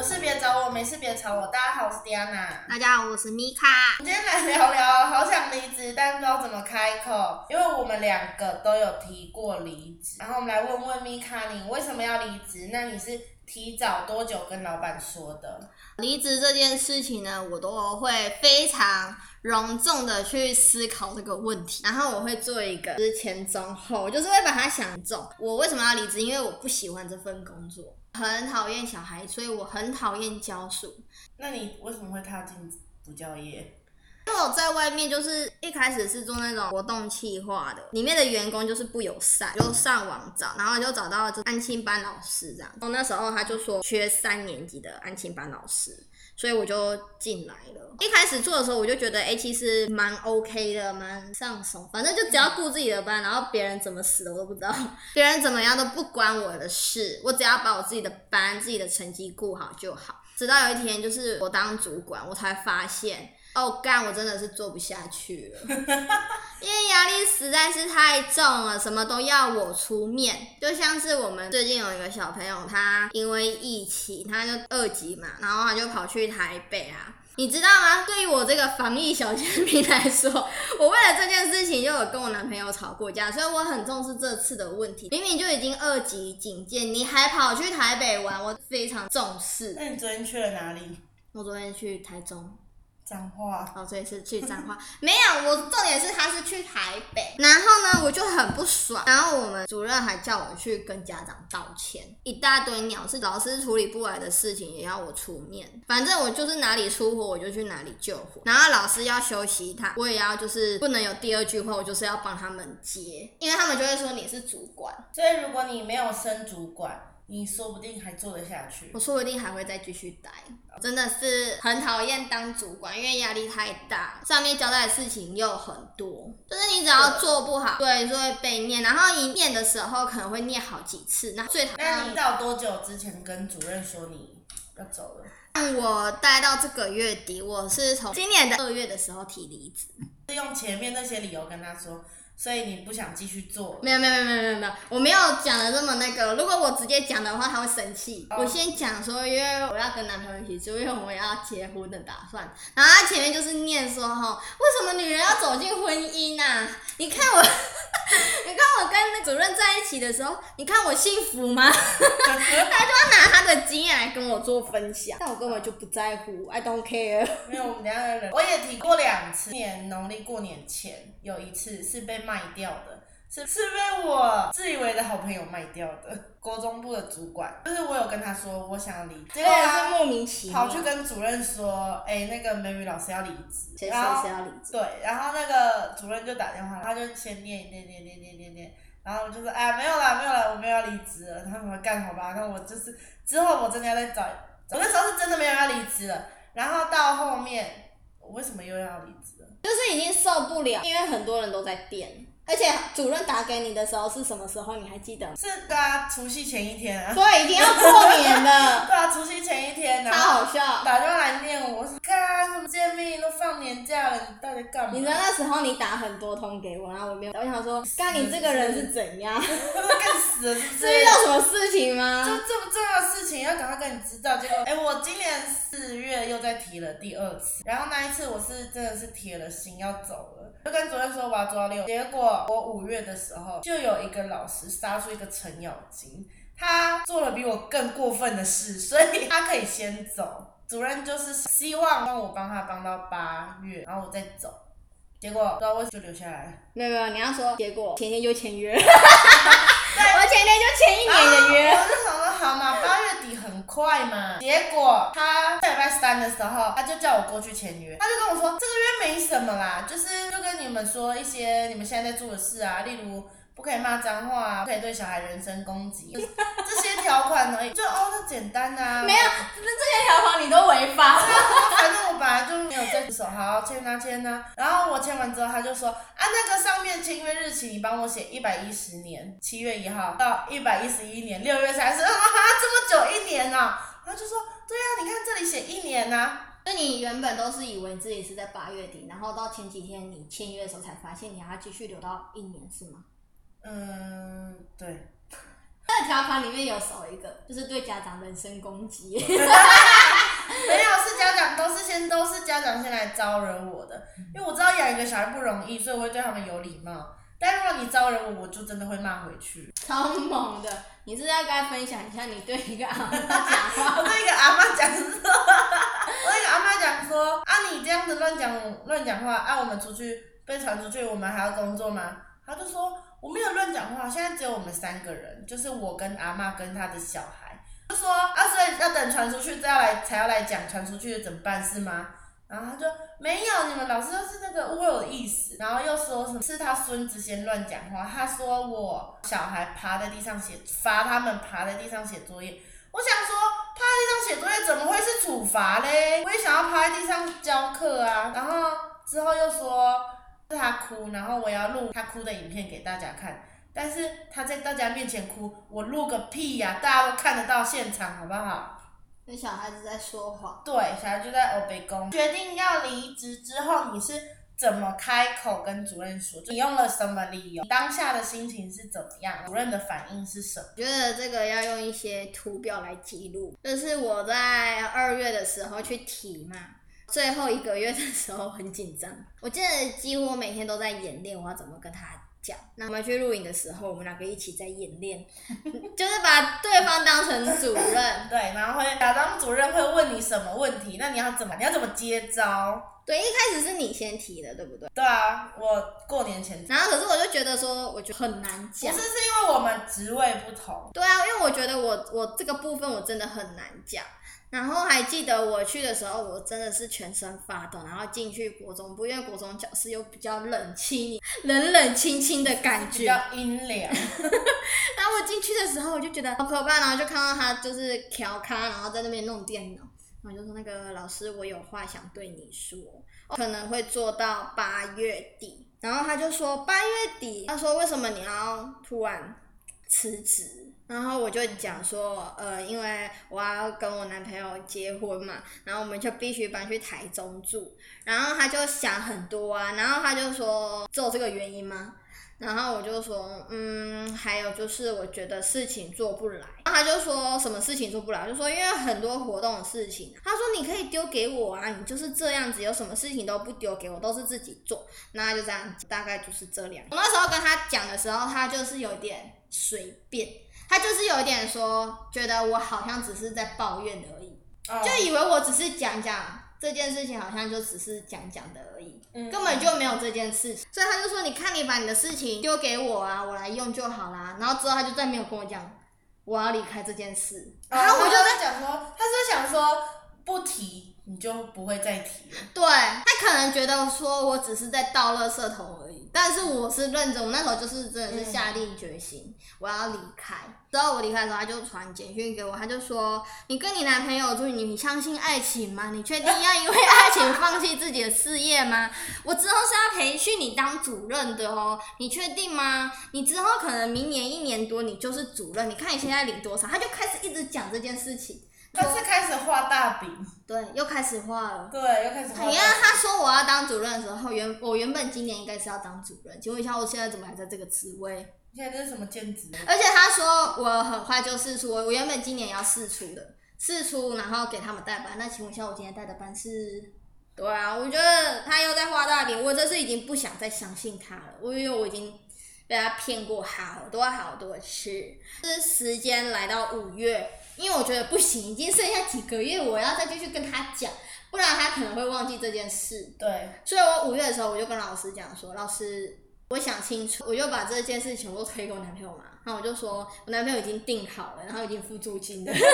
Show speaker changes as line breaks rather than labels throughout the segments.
有事別找我，沒事別吵我。大家好，我是 Diana。大家好，我是 Mika。今天來聊聊，好想離職，但不知道怎麼開口。因為我們兩個都有提過離職，然後我們來問問 Mika，你為什麼要離職？那你是提早多久跟老闆說的？
離職這件事情呢，我都會非常隆重的去思考這個問題，然後我會做一個之前中後，我就是會把它想中。我為什麼要離職？因為我不喜歡這份工作。很討厭小孩，所以我很討厭教書。
那你為什麼會踏進補教業？因
為我在外面就是一開始是做那種活動企劃的，裡面的員工就是不友善，就上網找，然後就找到了安親班老師這樣。然後那時候他就說缺三年級的安親班老師。所以我就進來了。一開始做的時候，我就覺得哎，其實蠻 OK 的，蠻上手。反正就只要顧自己的班，然後別人怎麼死的我都不知道，別人怎麼樣都不關我的事，我只要把我自己的班、自己的成績顧好就好。直到有一天，就是我當主管，我才發現。要幹、哦，我真的是做不下去了， 因為壓力實在是太重了，什麼都要我出面。就像是我們最近有一個小朋友，他因為疫情，他就二級嘛，然後他就跑去台北啊，你知道嗎？對於我這個防疫小尖兵來說，我為了這件事情就有跟我男朋友吵過架，所以我很重視這次的問題。明明就已經二級警戒，你還跑去台北玩，我非常重視。那你昨天去了哪裡？我昨天去台中。講話，哦，所以是去講話，沒有，我重點是他是去台北，然後呢，我就很不爽，然後我們主任還叫我去跟家長道歉，一大堆鳥事，是老師處理不來的事情也要我出面，反正我就是哪裡出火我就去哪裡救火，然後老師要休息一趟，他我也要就是不能有第二句話，我就是要幫他們接，因為他們就會說你是主管，
所以如果你沒有升主管。你說不定還做得下去，我說不
定還會再繼續待，真的是很討厭當主管，因為壓力太大，上面交代的事情又很多，就是你只要做不好，對，就會被念，然後一念的時候可能會念好幾次，那最討厭。那你知道
多久之前跟主任說你要走
了？我待到這個月底，我是從今年的二月的時候提離職，
是用前面那些理由跟他說。所以你不想繼續做了？
沒有沒有沒有沒有沒有，我沒有講的這麼那個。如果我直接講的話，他會生氣。Oh. 我先講說，因為我要跟男朋友一起住，因為我要結婚的打算。然後他前面就是念說，哈，為什麼女人要走進婚姻吶、啊？你看我， 你看我跟那主任在一起的時候，你看我幸福嗎？ 他就要拿他的經驗來跟我做分享，但我根本就不在乎，I don't care。 沒有我們兩個人，
我也提過兩次，年農曆過年前有一次是被。賣掉的是，是被我自以為的好朋友賣掉的。國中部的主管，就是我有跟他說我想要離職，真的、哦、是莫名其妙跑去跟主任說，哎、欸，那個美女老師要離職。對，然後那個主任就打電話，他就先念念念念念念念，然後我就說哎，沒有啦沒有啦，我沒有要離職，他說，幹，好吧，那我就是之後我真的要再找，我那時候是真的沒有要離職了。然後到後面。我為什
麼又要離職？就是已經受不了，因為很多人都在變。而且主任打給你的時候是什麼時候？你還記得嗎？是
的除夕前一天啊。所以一定要過年的。對啊，除夕前一天啊。超好笑，打電話來念我，我說幹？什麼見面
都放年假了，你到底幹嘛？你知道那時候你打很多通給我，然後我沒有，我想說，幹人你這個人是
怎樣？幹 死！這遇到什麼事情嗎？這這麼重要的事情要趕快跟你知道。結果，哎、欸，我今年四月又再提了第二次，然後那一次我是真的是鐵了心要走了。就跟主任說，我要抓六，結果我五月的時候就有一個老師殺出一個程咬金，他做了比我更過分的事，所以他可以先走。主任就是希望讓我幫他幫到八月，然後我再走。結果不知道為什麼就留下來。
沒有，沒有，你要說結果前
天就簽約。我前天就簽一年的約。好嘛，八月底很快嘛。結果他在禮拜三的時候，他就叫我過去簽約，他就跟我說這個月沒什麼啦，就是就跟你們說一些你們現在在做的事啊，例如。不可以罵髒話啊，不可以對小孩人身攻擊，這些條款而已，就哦，那簡單吶、啊。沒有，那這些條款你都違法、 啊。反正我本來就沒有遵守，好簽吶簽吶。然後我簽完之後，他就說啊，那個上面簽約日期你幫我寫一百一十年七月一號到一百一十一年六月三十、啊，這麼久一年吶、啊。
他就說對啊，你看這裡寫一年吶、啊。那你原本都是以為自己是在八月底，然後到前幾天你簽約的時候才發現你還要繼續留到一年是嗎？嗯，對。他的條款裡面有少一個，就是對家長
人身攻擊。沒有，是家長都是先都是家長先來招惹我的，因為我知道養一個小孩不容易，所以我會對他們有禮貌。但如果你招惹我，我就真的會罵回去，
超猛的。你是在跟他分享一下你對一個阿嬤
講話， 我對一個阿嬤講說，我對一個阿嬤講說，啊，你這樣子亂講亂講話，啊，我們出去被傳出去，我們還要工作嗎？他就說。我沒有亂講話，現在只有我們三個人，就是我跟阿嬤跟他的小孩。就說啊，所以要等傳出去再要來才要來講，傳出去的怎麼辦是嗎？然後他就沒有，你們老師都是那個我有意思。然後又說什麼是他孫子先亂講話，他說我小孩趴在地上寫罰他們趴在地上寫作業。我想說趴在地上寫作業怎麼會是處罰嘞？我也想要趴在地上教課啊。然後之後又說。是他哭，然後我要錄他哭的影片給大家看。但是他在大家面前哭，我錄個屁呀、啊！大家都看得到現場，好不好？那
小孩子在說謊。
對，小孩子就在歐北共。決定要離職之後，你是怎麼開口跟主任說？你用了什麼理由？當下的心情是怎麼樣？主任的反應是什麼？我
覺得這個要用一些圖表來記錄。這、就是我在二月的時候去提嘛。最後一個月的時候很緊張，我真的幾乎每天都在演練，我要怎麼跟他講。那我們去錄影的時候，我們兩個一起在演練， 就是把對方當成主任，
對，然後會假裝主任會問你什麼問題，那你要怎麼你要怎麼接招？
對，一開始是你先提的，對不對？對啊，
我過年前。然
後可是我就覺得說，我覺得很難講，可是是因為我們
職位不同，
對啊，因為我覺得我我這個部分我真的很難講。然後還記得我去的時候，我真的是全身發抖，然後進去國中，不過因為國中教室又比較冷清，冷冷清清的感覺。比
較陰涼。
然後 我進去的時候，我就覺得好可怕，然後就看到他就是調卡，然後在那邊弄電腦，然後就說那個老師，我有話想對你
說，
可能會做到八月底，然後他就說八月底，他說為什麼你要突然辭職？然後我就講說，呃，因為我要跟我男朋友結婚嘛，然後我們就必須搬去台中住。然後他就想很多啊，然後他就說，只有這個原因嗎？然後我就說，嗯，還有就是我覺得事情做不來。他就說什麼事情做不來，就說因為很多活動的事情。他說你可以丟給我啊，你就是這樣子，有什麼事情都不丟給我，都是自己做。那就這樣子，大概就是這兩。我那時候跟他講的時候，他就是有點隨便。他就是有一點說，覺得我好像只是在抱怨而已，oh. 就以為我只是講講這件事情，好像就只是講講的而已，mm hmm. 根本就沒有這件事。所以他就說：“你看，你把你的事情丟給我啊，我來用就好啦。”然後之後他就再沒有跟我講我要離開這件事。然後我，oh. 就在講說，
他，oh. 是想說不提。你就不會再提了，
對，他可能覺得說我只是在倒垃圾頭而已，但是我是認真，我那時候就是真的是下定決心，嗯、我要離開。之後我離開的時候，他就傳簡訊給我，他就說：“你跟你男朋友住，你相信愛情嗎？你確定要因為愛情放棄自己的事業嗎？我之後是要培訓你當主任的哦、喔，你確定嗎？你之後可能明年一年多，你就是主任。你看你現在領多少？”他就開始一直講這件事情。他是開始畫大餅，對，又開始畫
了。對，又開始。你看，他
說我要當主任的時候，我原我原本今年應該是要當主任，請問一下，我現在怎麼還在這個職位？
現在這是什麼兼職？而且
他說我很快就試出，我原本今年也要試出的試出，然後給他們帶班。那請問一下，我今天帶的班是？對啊，我覺得他又在畫大餅，我這是已經不想再相信他了。我因為我已經被他騙過好多好多次。就是時間來到五月。因為我覺得不行，已經剩下幾個月，我要再繼續跟他講，不然他可能會忘記這件事。對。所以我五月的時候我就跟老師講說，老師，我想清楚，我就把這件事情都推給我男朋友嘛。然後我就說我男朋友已經訂好了，然後已經付租金了。
就是、 我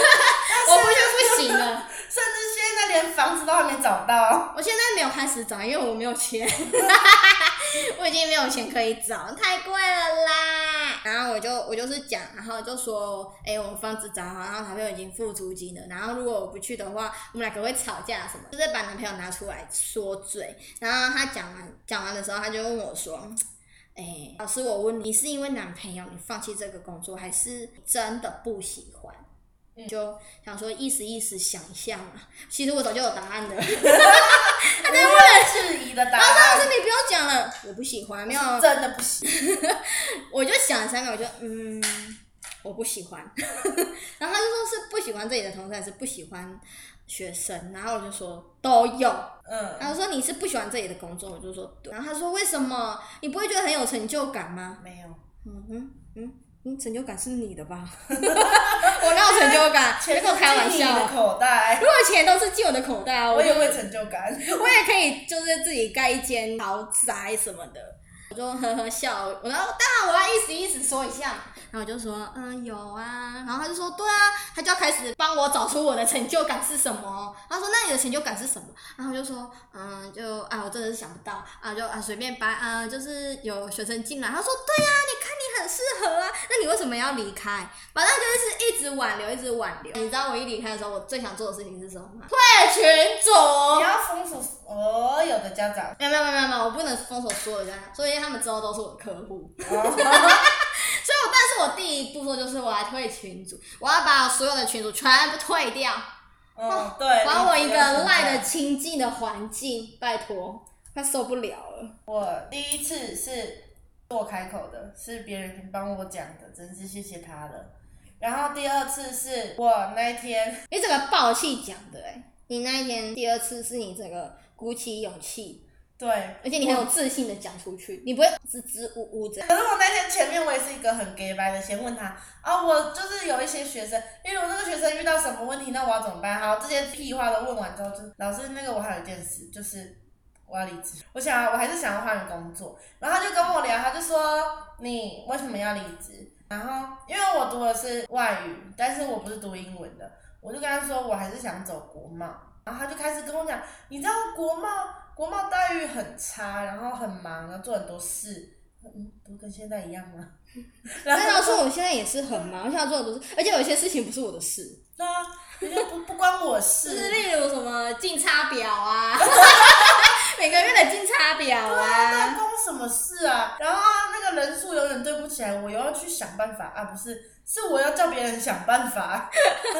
是完全不行了、
就是，甚至現在連房子都還沒找到。我現在沒有開始找，因為我沒有錢。 我已經沒有錢可以找，太貴了啦。然後我就我就是講，然後就說，哎、欸，我們房子找好，然後男朋友已經付租金了。然後如果我不去的話，我們兩個會吵架什麼？就是把男朋友拿出來說嘴。然後他講完講完的時候，他就問我說，哎、欸，老師，我問你，你是因為男朋友你放棄這個工作，還是真的不喜歡？就想說意思意思想象，其實我早就有答案的。
他就為了質疑的答案。然後張老師你
不要講了，我不喜歡，沒有，真的不喜。 我就想了三個，我就嗯，我不喜歡。 然後他就說是不喜歡這裡的同事，還是不喜歡學生。然後我就說都有。嗯。然後說你是不喜歡這裡的工作，我就說對。然後他說為什麼？你不會覺得很有成就感嗎？沒有。嗯哼嗯。嗯，成就感是你的吧？ 我哪有成就感？別跟我開玩笑。
如的口袋，錢都是進我的口袋啊！我也會成就感。我也可以
就是自己蓋一間豪宅什麼的，我就呵呵笑。我說，當然我要意思意思說一下。然後我就說，嗯、呃，有啊。然後他就說，對啊，他就要開始幫我找出我的成就感是什麼。他說，那你的成就感是什麼？然後我就說，嗯、呃，就啊，我真的是想不到啊，就啊，隨便搬啊，就是有學生進來，他說，對啊，你看你。很適合啊，那你為什麼要離開？反正就是一直挽留，一直挽留。你知道我一離開的時候，我最想做的事情是什麼嗎？退
群組，你要封鎖
所有的家長。沒有沒有沒有沒有，我不能封鎖所有家長，所以他們之後都是我的客戶。哦、呵呵 所以我，但是我第一步做就是我來退群組，我要把所有的群組全部退掉。嗯，
對，
啊、還我一個賴的清淨的環境，拜托，
快受不了了。我第一次是。是我開口的，是別人幫我講的，真是謝謝他了。然後第二次是我那一天，
你整個爆氣講的，欸，你那一天第二次是你整個鼓起勇氣，
對，而且你很有自
信的講出去，我你不會支支吾吾的。可是我
那天前面我也是一個很 gay by 的，先問他啊，哦，我就是有一些學生，例如這個學生遇到什麼問題，那我要怎麼辦？好，這些屁話都問完之後，就老師那個我還有一件事就是。我要離職，我想、啊，我還是想要換個工作。然後他就跟我聊，他就說你為什麼要離職？然後因為我讀的是外語，但是我不是讀英文的，我就跟他說我還是想走國貿。然後他就開始跟我講，你知道國貿國貿待遇很差，然後很忙，然後做很多事，嗯，不跟現在一樣嗎？然後他就說我
現在也是很忙，我現在做很多事，而且有些事情不是我的事。
是啊，不不關我的事， 是例如什麼進差表啊。 每個月的進差表啊，那關我什麼事啊？然後那個人數有點對不起來，我又要去想辦法啊，不是，是我要叫別人想辦法，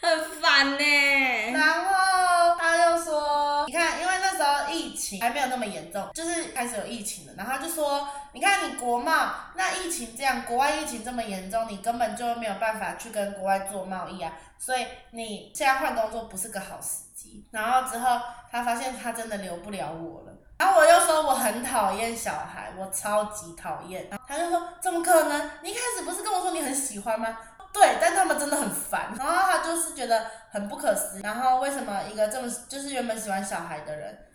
很煩呢、欸。然後他又說，你看，因為那時候疫情還沒有那麼嚴重，就是開始有疫情了，然後他就說，你看你國貿，那疫情這樣，國外疫情這麼嚴重，你根本就沒有辦法去跟國外做貿易啊，所以你現在換工作不是個好事。然後之後，他發現他真的留不了我了。然後我又說我很討厭小孩，我超級討厭。他就說怎麼可能？你一開始不是跟我說你很喜歡嗎？對，但他們真的很煩。然後他就是覺得很不可思議。然後為什麼一個這麼就是原本喜歡小孩的人，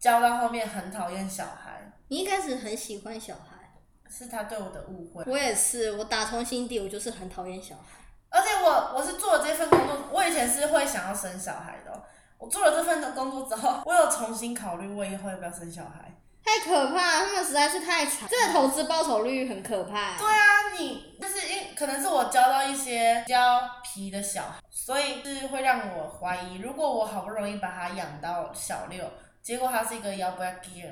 教到後面很討厭小孩？你
一開始很喜歡小孩，
是他對我的誤會。我也是，
我打從心底我就是很討厭小孩。
而且我我是做了這份工作，我以前是會想要生小孩的哦。我做了這份的工作之後，我有重新考慮我以後要不要生小孩。太可怕，他們實在是太慘，這個投資報酬率很可怕。對啊，你就是因為可能是我教到一些比較皮的小孩，所以就是會讓我懷疑，如果我好不容易把他養到小六，結果他是一個幺不二雞，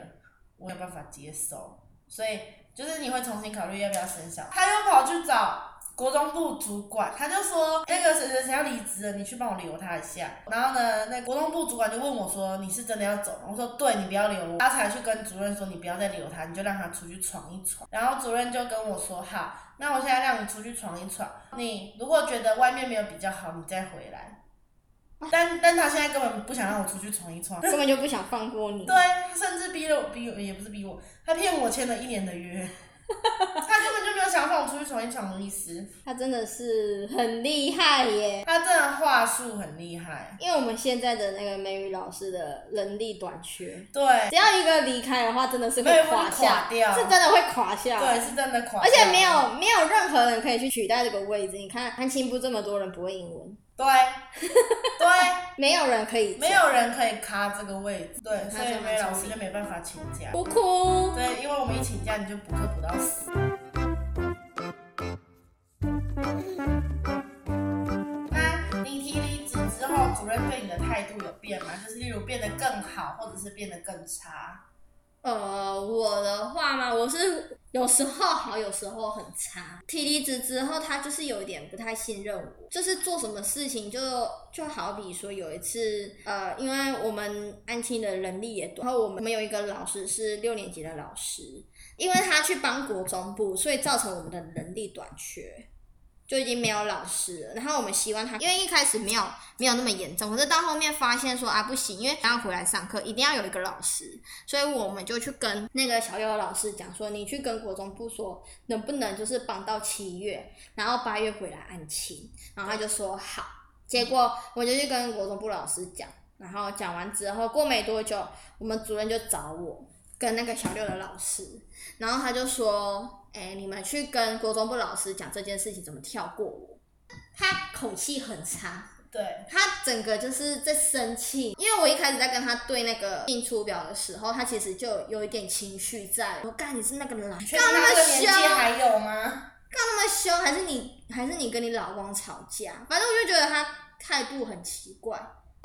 我有辦法接受。所以就是你會重新考慮要不要生小孩。他又跑去找國中部主管他就說那個誰誰誰要離職了，你去幫我留他一下。然後呢，那國中部主管就問我說，你是真的要走？我說對，你不要留。他才去跟主任說，你不要再留他，你就讓他出去闖一闖。然後主任就跟我說好，那我現在讓你出去闖一闖，你如果覺得外面沒有比較好，你再回來。啊、但但他現在根本不想讓我出去闖一闖，根本就不想放過你。對，他甚至逼了我逼我，也不是逼我，他騙我簽了一年的約。 他根本就沒有想放我出去闖一闖的意思。他真的是很厲害耶，他這話術很厲害。
因為我們現在的那個美語老師的人力短
缺，對，只要一個離開的話，真的是會垮下，垮掉，是真的會垮下。對，是真的垮掉。而且沒有
沒有任何人可以去取代這個位置。你看安親部這麼多人不會英文。
對，對，沒有人可以，沒有人可以卡這個位置，對，所以老師就沒辦法請假。不哭。對，因為我們一請假，你就補課補到死。那哭、啊、你提離職之後，主任對你的態度有變嗎？就是例如變得更好，或者是變得更差？
呃，我的話嘛，我是有時候好，有時候很差。提離職之後，他就是有一點不太信任我，就是做什麼事情就就好比說，有一次，呃，因為我們安慶的人力也短，然後我們有一個老師是六年級的老師，因為他去幫國中部，所以造成我們的人力短缺。就已經沒有老師了，然後我們希望他，因為一開始沒有沒有那麼嚴重，可是到後面發現說啊不行，因為他要回來上課，一定要有一個老師，所以我們就去跟那個小優老師講說，你去跟國中部說，能不能就是幫到七月，然後八月回來安親，然後他就說好。結果我就去跟國中部老師講，然後講完之後，過沒多久，我們主任就找我。跟那個小六的老師，然後他就說：“哎、欸，你們去跟國中部老師講這件事情，怎麼跳過我？”他口氣很差，
對，他
整個就是在生氣。因為我一開始在跟他對那個進出表的時候，他其實就有一點情緒在。我幹，你是那個老，幹那麼兇還有嗎？幹那麼兇，還是你還是你跟你老公吵架？反正我就覺得他態度很奇怪。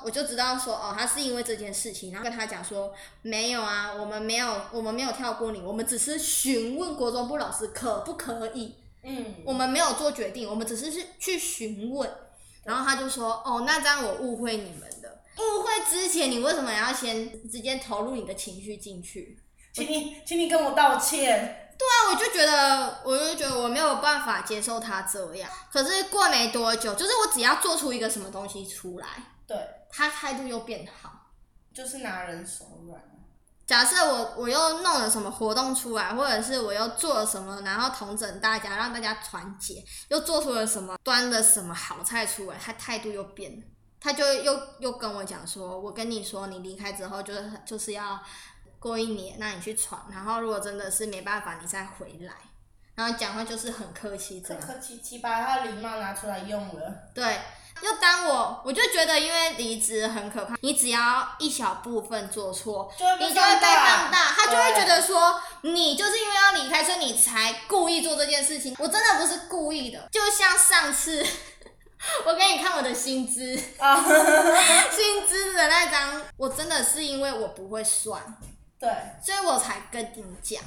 我就知道說，哦，他是因為這件事情，然後跟他講說沒有啊，我們沒有，我們沒有跳過你，我們只是詢問國中部老師可不可以，嗯，我們沒有做決定，我們只是去去詢問。然後他就說對哦，那這樣我誤會你們的。誤會之前，你為什麼要先直接投入你的情緒進去？請你，請你跟我道歉我。對啊，我就覺得，我就覺得我沒有辦法接受他這樣。可是過沒多久，就是我只要做出一個什麼東西出來，對。他態度又
變
好，就是拿人手軟。假設我我又弄了什麼活動出來，或者是我又做了什麼，然後統整大家，讓大家團結，又做出了什麼，端了什麼好菜出來，他態度又變，他就又又跟我講說，我跟你說，你離開之後就是就是要過一年，讓你去闖，然後如果真的是沒辦法，你再回來。然後講話就是很客氣，很客
氣，把他的禮貌拿出來用了，
對。又當我，我就覺得因為離職很可怕，你只要一小部分做錯，就你就會被放大，他就會覺得說對你就是因為要離開，所以你才故意做這件事情。我真的不是故意的，就像上次我給你看我的薪資啊， 薪資的那張，我真的是因為我不會算，對，所以我才跟你講，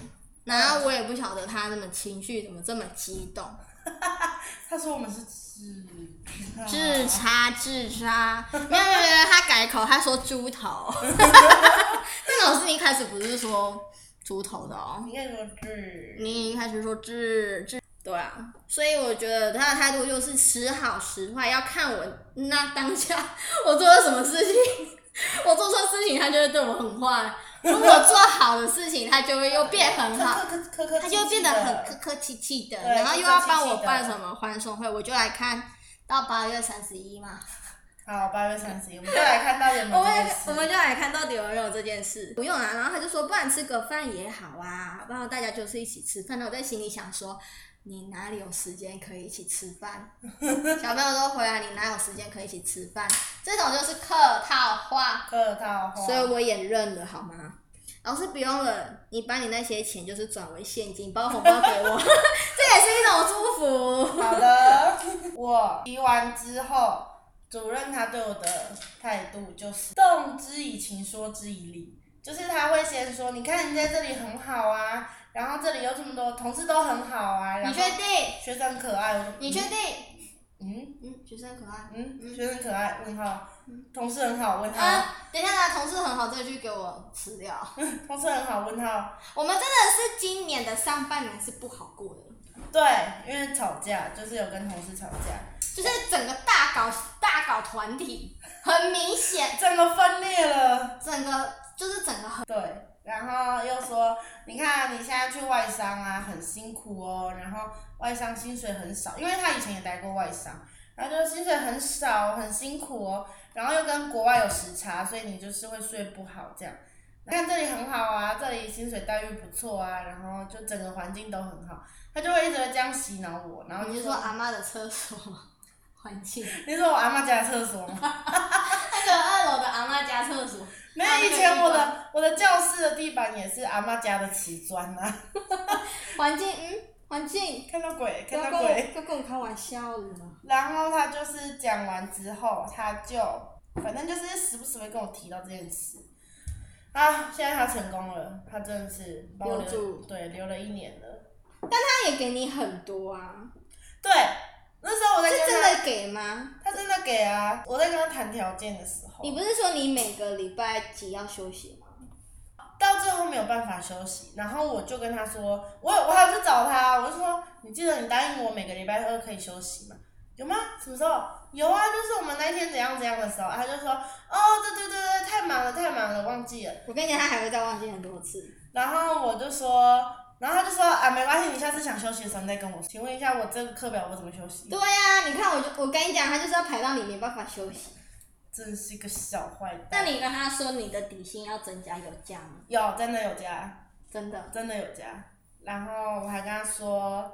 然後我也不曉得他那麼情緒怎麼這麼激動， 他
說我們是。自自差
自差，沒有沒有沒有，他改口，他說豬頭。哈哈哈！哈，那老師一開始不是說豬頭的哦，你開始自，你一開始說自自，對啊，所以我覺得他的態度就是時好時壞，要看我那當下我做了什麼事情，我做錯事情，他就會對我很壞。 如果做好的事情，他就會又變很好，他 就變得很客客氣氣的，對然後又要幫我辦什 麼歡送會，我就來看到八月三十一
嘛。好，八月三十一，我們就來看到底有沒有。 我們就
來看到底有沒有這件事。 不用啊，然後他就說，不然吃個飯也好啊，然後大家就是一起吃飯。我在心裡想說。你哪裡有時間可以一起吃飯？ 小朋友都回來，你哪有時間可以一起吃飯？這種就是客套話，客套話，所以我也認了，好嗎？老師不用了，你把你那些錢就是轉為現金，包紅包給我，
這也是一種祝福。好了，我提完之後，主任他對我的態度就是動之以情，說之以理。就是他會先說，你看你在這裡很好啊，然後這裡有這麼多同事都很好啊，嗯、你確定？嗯嗯、學生可愛，你確定？嗯嗯，學生可愛，嗯學生可愛，問號，同事很好，問號、
嗯。等一下，同事很好，這個、就給我吃掉。
同事很好，問號。
我們真的是今年的上半年是不好過的。
對，因為吵架，就是有跟同事吵架，就
是整個大搞
大搞團體，很明顯 整個分裂了，整個。就是整個很⋯⋯對，然後又說，你看你現在去外商啊，很辛苦哦，然後外商薪水很少，因為他以前也待過外商，然後就薪水很少，很辛苦哦，然後又跟國外有時差，所以你就是會睡不好這樣。你看這裡很好啊，這裡薪水待遇不錯啊，然後就整個環境都很好，他就會一直這樣洗腦我，然後就說你就是說阿嬤的廁所，環境， 你說我阿嬤家的廁所嗎？ 這個二樓的阿嬤家廁所，沒有，以前我的我的教室的地板也是阿嬤家的瓷磚吶、啊，環 境，嗯，環境看到鬼看到鬼，他跟，跟我開玩笑的嘛。然後他就是講完之後，他就反正就是時不時會跟我提到這件事。啊，現在他成功了，他真的是幫助，留住對，留了一年了，但他也
給你很多啊，對。
那時候我在跟他，他真的給嗎？他真的給啊！我在跟他談條件的時候，你
不是說你每個禮拜幾要休息嗎？
到最後沒有辦法休息，然後我就跟他說，我我還要去找他，我就說，你記得你答應我每個禮拜二可以休息嗎？有嗎？什麼時候？有啊，就是我們那天怎樣怎樣的時候，他就說，哦，對對對對，太忙了，太忙了，忘記了。我跟你講，他還會再忘記很多次。然後我就說。然後他就說啊，沒關係，你下次想休息的時候你再跟我說。請問一下，我這個課表我怎麼休息？對呀、
啊，你看我就我跟你講，他就是要排到你沒
辦法休息。真是一個小壞蛋。那你跟他說你的底薪要增加有加嗎？有，真的有加。真的。真的有加。然後我還跟他說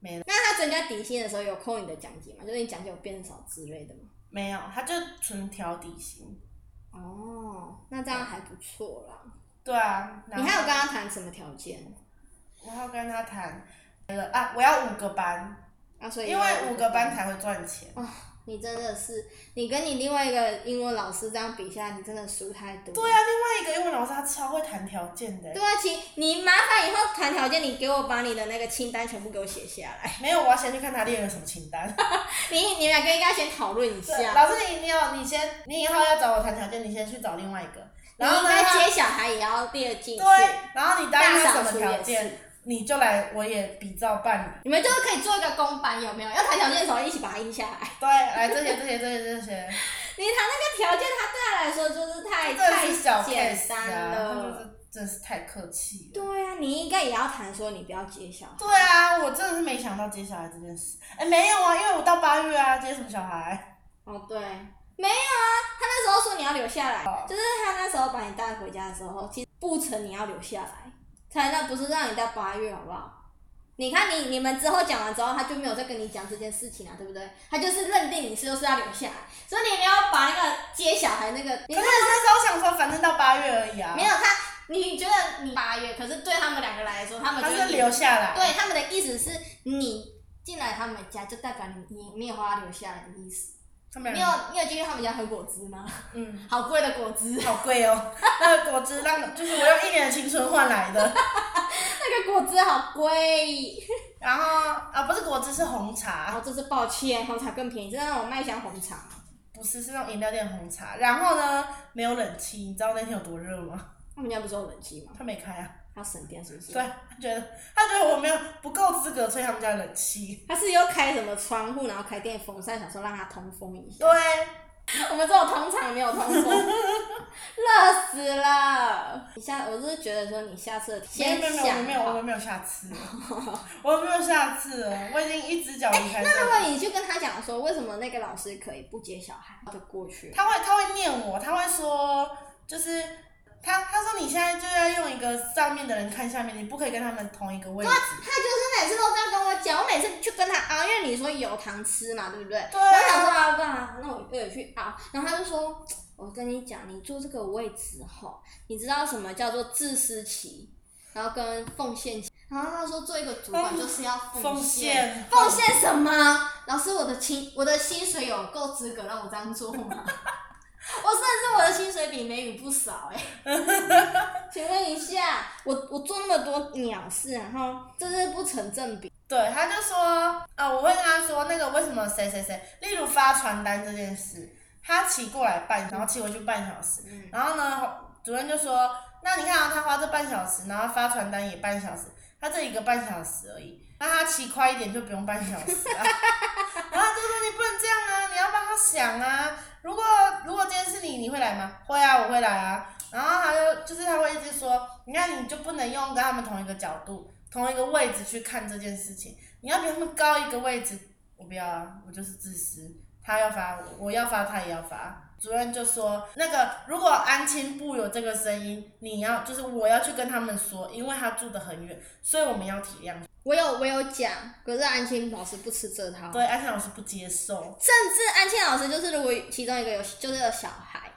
沒，沒了。那他增加底薪的時候有扣你的獎金嗎？就是你獎金有變少之類的嗎？
沒有，他就純調底薪。哦，那這樣還不錯啦。對啊。你還有跟他談什麼條件？我要跟他談，覺得啊，我要五個班，啊、所以個班，因為五個班才會賺錢。
啊、哦，你真的是，你跟你另外一個英文老師這樣比一下，你真的輸太多。對啊，
另外一個英文老師他超會談條件的、欸。對啊，
請，你麻煩以後談條件，
你給我把你的那個清單全部給我寫下來。 沒有，我要先去看他列了什麼清單。 你你們兩個應該先討論一下。老師你，你你有你先，你以後要找我談條件，你先去找另外一個。
然後呢你應該接小
孩也要列進去。對，然後你大概什麼條件？你就來，我也比照辦。
你們就是可以做一個公版，有沒有？要談條件的時候一起把它印下來。對，來這些這些這些這些。 你談那個條件，他對他來說就是太 太簡單了小、啊就是，
真的是太客氣了。
對啊，你應該也要談說你不要接小孩。
對啊，我真的是沒想到接小孩這件事。哎、欸，沒有啊，因為我到八月啊，接什麼小孩？哦，對，沒有啊。他那時候說你要留下來，哦、就是他那時候把你帶回家的時
候，其實不成，你要留下來。他那不是讓你到八月，好不好？你看你，你們之後講完之後，他就沒有再跟你講這件事情了、啊，對不對？他就是認定你是不是要留下來，所以你沒有把那個接小孩那個。你是，可是他那時候想說，反正到八月而已啊。沒有他，你覺得你八月，可是對他們兩個來說，他們就是，意思他是留下來。對他們的意思是你進來他們家，就代表你，你沒有要留下來的意思。你有你有進去他們家喝果汁嗎？
嗯，
好貴的果汁。好貴
哦，那個果汁讓 就是我用一年的青春換來的。
那個果汁好貴。
然後啊不是果汁，是紅茶。然後、哦、這是抱歉，紅茶更便宜，是那種麥香紅茶。不是，是那種飲料店的紅茶。然後呢，沒有冷氣，你知道那天有多熱嗎？他們家不是有冷氣嗎？他沒開啊。要省電是不是？對，他覺得他覺得我沒有不夠資格吹他們家的冷氣，
他是又開什麼窗戶，然後開電風扇，想說讓他通風一下。
對，
我們這種通常沒有通風，熱 死了。 你下，我就是覺得說你下次先想沒，沒有沒有沒有
沒有下次，我沒有下次， 我沒有下次，我已經一只腳離開，欸。那如果你
就跟他講說，為什麼那個老師可以不接小孩就
過去？他會他會念我，他會說就是。他他說你現在就要用一個上面的人看下面，你不可以跟他們同一個位置。啊、他就是每次都在跟我講，我每次去跟他啊，因為你說有糖吃嘛，對不對？對啊、然後我想說
啊爸，那我我也去啊。然後他就說，我跟你講，你坐這個位置吼，你知道什麼叫做自私起，然後跟奉獻。然後他說，做一個主管就是要奉獻，嗯、奉獻，奉獻什麼？哦、老師，我的薪我的薪水有夠資格讓我這樣做嗎？ 我甚至我的薪水比梅雨不少哎、
欸， 請問一下，我我做那麼多鳥事，然後就是不成正比。對，他就說啊、呃，我問他說那個為什麼誰誰誰，例如發傳單這件事，他騎過來半然後騎回去半小時，然後呢，主任就說，那你看啊，他花這半小時，然後發傳單也半小時，他這一個半小時而已。那他騎快一點就不用半小時啊！然後就說你不能這樣啊！你要幫他想啊！如果如果今天是你，你會來嗎？會啊，我會來啊！然後他就，就是他會一直說，你看你就不能用跟他們同一個角度、同一個位置去看這件事情。你要比他們高一個位置，我不要啊！我就是自私。他要發，我，我要發，他也要發。主任就說，那個如果安親部有這個聲音，你要就是我要去跟他們說，因為他住得很遠，所以我們要體諒。
我有我有講，可是安青老師不吃這套。對，安
青老師不接受。
甚至安青老師就是，如果其中一個有，就是有小孩，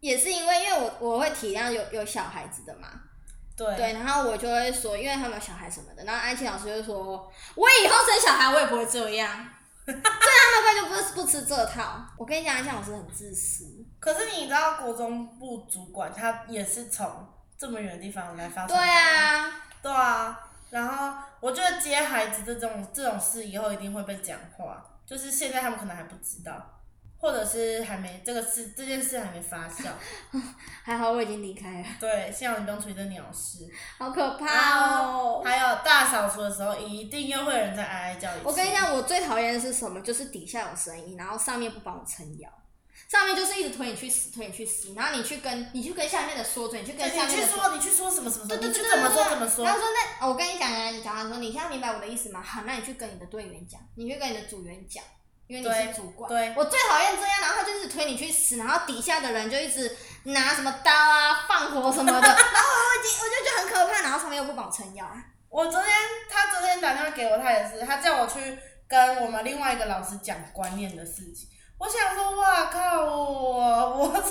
也是因為，因為我我會體諒有有小孩子的嘛。
對。
對，然後我就會說，因為他們有小孩什麼的，然後安青老師就說：“我以後生小孩，我也不會這
樣。” 所以他們根本就不是不吃這套。我跟你講，安青老師很自私。可是你知道，國中部主管他也是從這麼遠的地方來發。對啊，對啊。然後我覺得接孩子這種這種事，以後一定會被講話。就是現在他們可能還不知道，或者是還沒這個事這件事還沒發酵。 還好我已經離開了。對，現在我們不用處理鳥事。
好可怕哦！
還有大掃除的時候，一定又會有人在哀哀叫一聲。我跟你講，我
最討厭的是什麼？就是底下有聲音，然後上面不幫我撐腰。上面就是一直推你去死，推你去死，然後你去跟，你去跟下面的說，你去跟下面說，你去說，你
去說什麼什麼什麼，就怎麼說怎麼說。然後
說那，我跟你講，講完說，你現在明白我的意思嗎？好，那你去跟你的隊員講，你去跟你的組員講，因
為你是
主管。對。我最討厭這樣，然後他就一直推你去死，然後底下的人就一直拿什麼刀啊、放火什麼的，然
後我已經我就覺得很可怕，然後上面又不幫我撐腰。我昨天，他昨天打電話給我，他也是，他叫我去跟我們另外一個老師講觀念的事情。我想說，哇靠！我我這講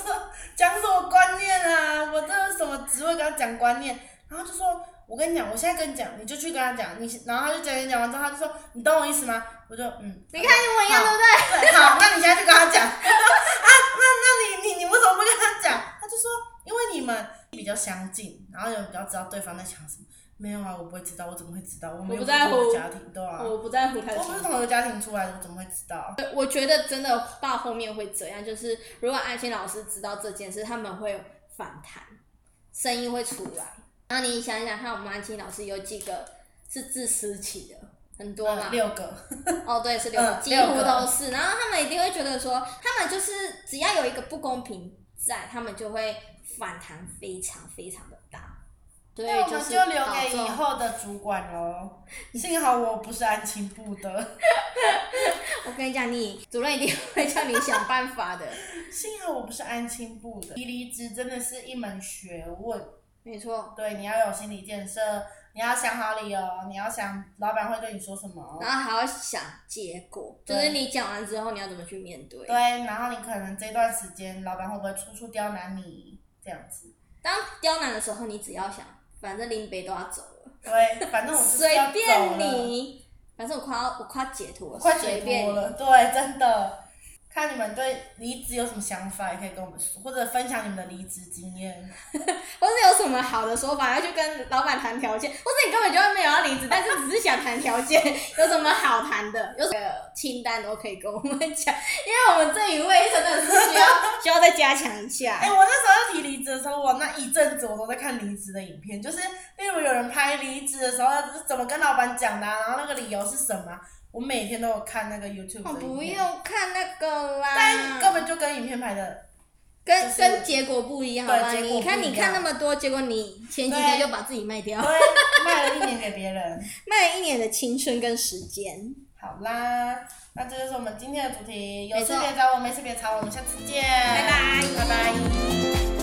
什麼觀念啊？我這是什麼職位跟他講觀念？然後就說，我跟你講，我現在跟你講，你就去跟他講。你然後他就講，你講完之後，他就說，你懂我意思嗎？我就嗯，你看一模一樣，對不好對？好， 那你現在去跟他講 啊？那那你你你為什麼不跟他講？他就說，因為你們比較相近，然後就比較知道對方在想什麼。沒有啊，我不會知道，我怎麼會知道？我們不在乎家庭，我不在乎，對啊，我不在乎，我不、嗯、是同一個家庭出來的，我怎麼會知道、啊？對，
我覺得真的，爸後面會怎樣？就是如果安青老師知道這件事，他們會反彈，聲音會出來。那你想一想看，我們安青老師有幾個是自私起的？很多嘛、嗯？六個。 哦，對，是六個，嗯、幾乎都是。然後他們一定會覺得說，他們就是只要有一個不公平在，他們就會反彈，非常非常的大。那我們就留給以後
的主管嘍。幸好我不是安親部的。 我跟你講，你主任一定會叫你想辦法的。 幸好我不是安親部的，提離職真的是一門學問。沒錯錯，對，你要有心理建設，你要想好理由，你要想老闆會對你說什麼，然後還要
想結果，對就是你講完之後你要怎麼去面對。對，
然後你可能這段時間老闆會不會處處刁難你這樣子？
當刁難的時候，你只要想。反正林北都要走了，對，反正我是要走了。隨便你，
反正我快我快解脫了，隨便你，快解脫了，對，真的。看你們對離職有什麼想法，也可以跟我們說，或者分享你們的離職經驗，
或者有什麼好的說法要去跟老闆談條件，或者你根本就沒有要離職，但是只是想談條件， 有什麼好談的，有什麼清單都可以跟我們講，因為我們這一位真的是需要 需要再加強一下。誒、欸、
我那時候要提離職的時候，我那一陣子我都在看離職的影片，就是例如有人拍離職的時候，怎麼跟老闆講的、啊，然後那個理由是什麼、啊。.我每天都有看那個 YouTube 的影片。哦，不用
看那個啦。但根本
就跟影片拍的，就
是跟，跟跟結，結果不一樣。你看你看那麼多，結果你
前幾天就把自己賣掉。對，對，賣了一年給別人。
賣了一年的青春跟時
間。好啦，那這就是我們今天的主題。有事別找我，沒事別吵我。我們下次見。沒錯。拜拜，拜拜。